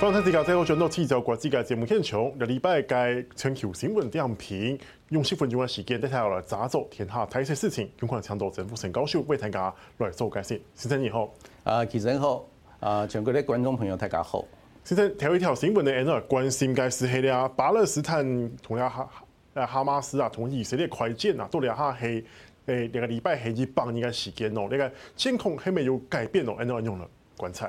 早晨，大家好！我係張多，今國際的節目現場，個禮拜嘅全球新聞點評，用十分鐘的時間，帶睇來嚟早做，填下睇一些事情，咁可能請政府曾復生為大家嚟做介紹。先生你好，啊，先生好，啊，全國的觀眾朋友大家好。先生睇一條新聞咧，誒，關心嘅事係啲啊，巴勒斯坦同阿哈，誒，哈馬斯啊，同以色列開戰啊，都係下係誒兩個禮拜係一半年嘅時間咯、喔。你、那個監控係咪有改變咯、喔？誒，我用嚟觀察。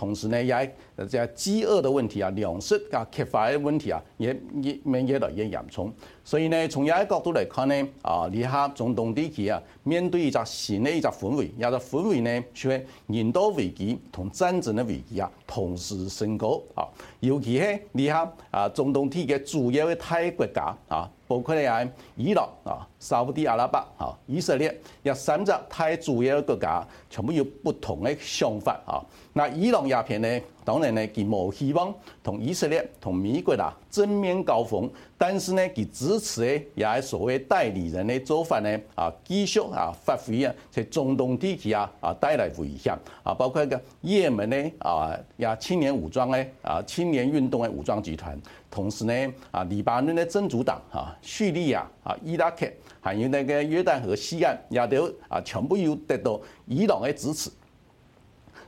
同時呢，也一隻飢餓的問題啊，糧食啊缺乏的問題啊，也也面越來越嚴重。所以呢，從一個角度來看呢，啊，你睇中東地區啊，面對一個新的一個氛圍，一個氛圍呢，咧，説人道危機同戰爭的危機啊，同時升高啊，尤其是你睇啊，中東地區主要的泰國家啊。包括咧，伊朗啊、沙烏地阿拉伯啊、以色列，亦三個太主要國家，全部有不同的想法啊。那伊朗那邊呢？當然呢，佢冇希望同以色列、同美國啦正面交鋒，但是呢，佢支持的也的所謂代理人的做法呢，啊，繼續啊，發揮啊，在中東地區啊，啊帶來危險啊，包括一個也門呢，啊，呀青年武裝呢，啊，青年運、啊、動的武裝集團，同時呢啊，黎巴嫩的真主黨啊，敘利亞啊，伊拉克，還有那個約旦河西岸也都啊，全部有得到伊朗的支持。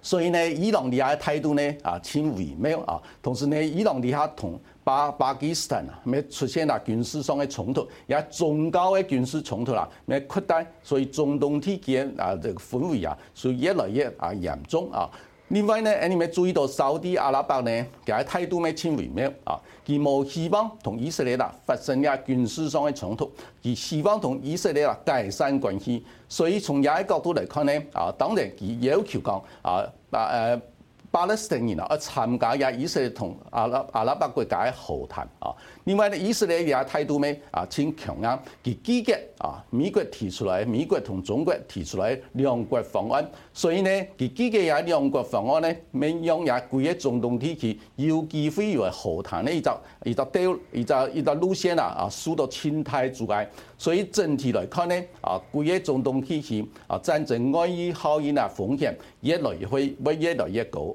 所以呢，伊朗尼亞的態度呢，啊，輕微，冇啊。同時呢，伊朗尼亞同巴巴基斯坦啊，沒出現啦軍事上的衝突，也中高的軍事衝突啦、啊，沒擴大。所以，中東地區啊，這個氛圍啊，所以越來越啊嚴重啊。另外呢，你哋注意到沙地阿拉伯呢，其實態度呢，好微妙啊。佢冇希望同以色列啦發生一軍事上嘅衝突，而希望同以色列啦改善關係。所以從也一個角度嚟看呢，啊，當然佢要求講啊，啊誒。巴勒斯坦人啊參加也以色列同阿拉阿拉伯國家嘅和談。啊，另外呢，以色列也態度呢啊堅強硬，佢基極啊美國提出來，美國同中國提出來兩國方案，所以咧佢基極也兩國方案咧，咪讓也貴喺中東地區，有機會又和談呢，依就依就掉依就依就路線啊，輸到清態阻礙。所以整體來看呢，啊，整個中東地區啊，戰爭安於好於啊風險越來越會會越來越高。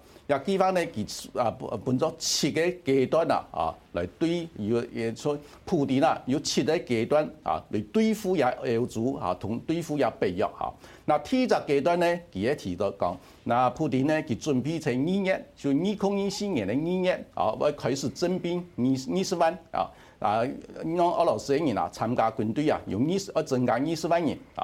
又基方呢，其啊本咗七個階段啦，啊，嚟對要要說普丁啦，要七個階段啊，啊來對付也歐洲啊，同對付也北約嚇、啊。那第一階段呢，佢喺提到講，那普丁呢，佢準備在二月，就二零二四年嘅二月啊，開始徵兵二二十萬啊，啊，讓俄羅斯人啊參加軍隊啊，用二十呃增加二十萬人啊。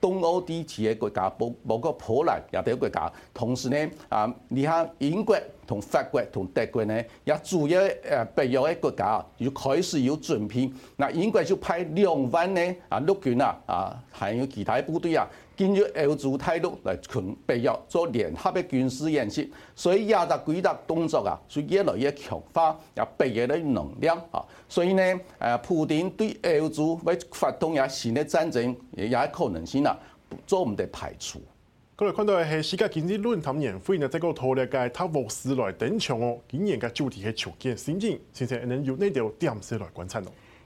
東歐啲企業國家，包包括波蘭、也德國家，同時呢啊，你睇英國同法國同德國呢也主要呃北約的國家要開始要準備，那英國就派兩萬呢啊陸軍啊啊還有其他部隊啊根據歐洲態度來強，培育做聯合的軍事演習，所以亞特幾多動作啊，是越來越強化，有備嘅能量啊。所以呢，誒普丁對歐洲嘅發動也係呢戰爭也可能性啦，都唔得排除。各位看到係世界經濟論壇年會，呢再個討論嘅達沃斯來登場哦，竟然個主題係重建信心，先生，你要呢條點先來觀察咯？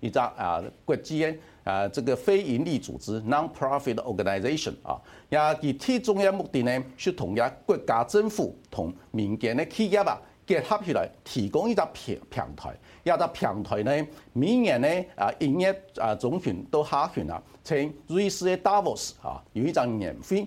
一張啊，國際嘅啊，非盈利組織 （non-profit organisation） 啊，也佢設置嘅目的呢，係同一國家政府同民間的企業啊結合起來，提供一個平平台。一個平台呢，明年呢，啊，營業啊中款都下旬了，稱瑞士的 Davos 啊，有一個年費。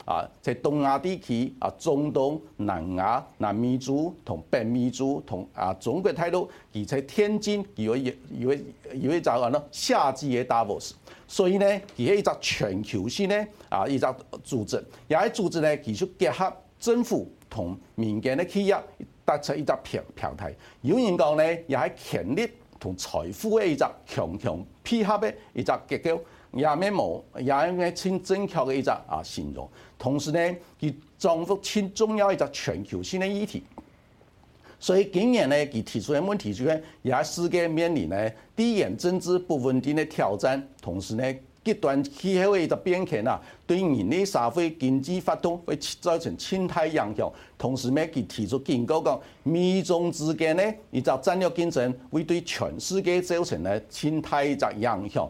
啊！在東亞地區，啊中東、南亞、南美洲、同北美洲、同啊中國大陸，而且天津佢要要一要一隻話咯，夏季嘅達沃斯，所以呢，佢係一隻全球性咧啊一隻組織，而喺組織咧，其實結合政府同民間嘅企業成，搭出一隻平平臺。有人講呢，又喺權力同財富嘅一隻強強配合嘅一隻結構。也面目，也應該稱正確嘅一個啊形容。同時呢，佢掌握清重要嘅一個全球性嘅議題。所以今年呢，佢提出嘅問題，提出嘅也世界面臨呢地緣政治不穩定嘅挑戰。同時呢，極端氣候嘅一個變遷啊，對人類社會經濟發展會造成生態影響。同時呢，佢提出警告講，美中之間呢，一個戰略競爭會對全世界造成呢生態一個影響。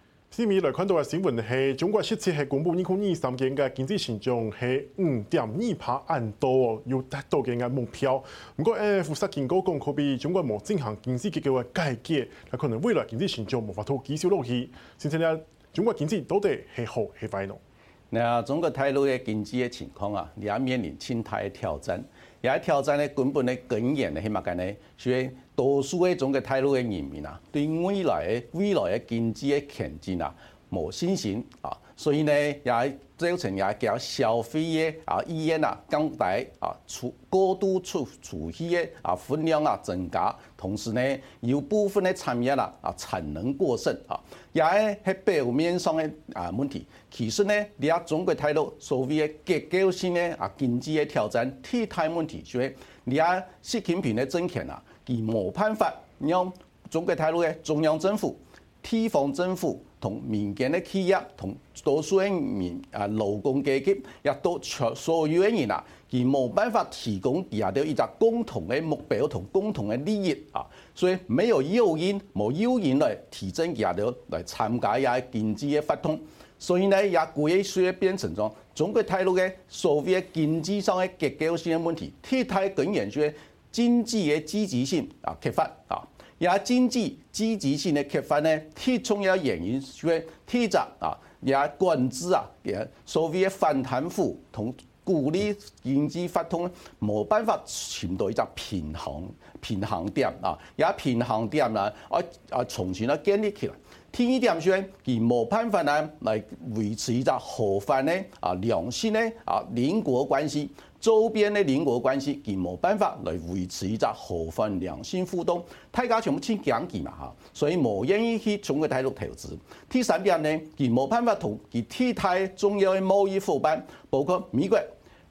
此米以來看到嘅新聞係中國實際係公布二零二三年嘅經濟成長係五點二 percent 按度有達到嘅嘅目標。唔過，F 實見警告，可比中國無進行經濟結構嘅改革，有可能未來經濟成長無法度繼續落去，甚至咧中國經濟到底係好係壞落。中國大陸嘅經濟嘅情況啊，也面臨巨大嘅挑戰。也要挑戰咧，根本的根源。咧，係乜嘢呢，就係多數的種嘅態度的人民啊，對未來的未來的經濟嘅前景啊，冇信心啊！所以呢，也造成也叫消費嘅啊，醫院啊，加大啊儲過度儲儲蓄嘅啊分量啊增加，同時呢，有部分的產業啦啊，啊產能過剩啊，也係表面上的啊問題。其實呢，你中國大陸所謂的結構性的啊經濟的挑戰替代問題上，就是，你啊習近平的政權啊，佢沒辦法讓中國大陸的中央政府。地方政府同民間的企業同多數人民啊勞工階級也都出所有嘅人啦，而冇辦法提供下到一個共同的目標，同共同的利益啊，所以沒有誘因冇誘因來提振下到來參加下經濟嘅發通，所以呢，也過去説變成咗中國大陸嘅所謂經濟上嘅結構性嘅問題，睇睇根源先經濟嘅積極性啊缺乏啊。而經濟積極性的缺乏呢，其中重要原因就係，添咗啊，也管制啊，也所謂嘅反貪腐同鼓勵經濟發展，冇辦法尋到一個平衡平衡點啊，要平衡要點呢，啊啊重新的建立起嚟。第一點啲人説而冇辦法呢來維持一個和平呢啊良性咧啊鄰國關係。周邊的鄰國關係佢冇辦法來維持一個和平良性互動，大家全部簽兩字嘛哈，所以冇願意去中國大陸投資。第三點呢，佢冇辦法同其替代重要的貿易夥伴，包括美國、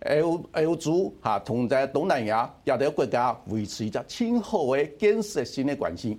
歐歐洲哈，同在東南亞入邊國家維持一個親和的建設性的關係。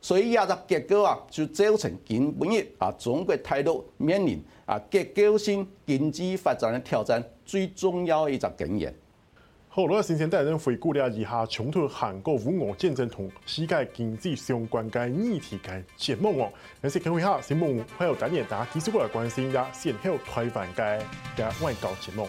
所以，一個結構啊，就造成根本上啊，中國態度面臨啊，結構性經濟發展嘅挑戰，最重要一個根源。好，羅先生帶人回顧了一下衝突韓國俄烏戰爭同世界經濟相關嘅議題嘅節目。哦。那先講一下，先莫還有等下大家繼續過來關心一下先後台灣嘅嘅外交節目。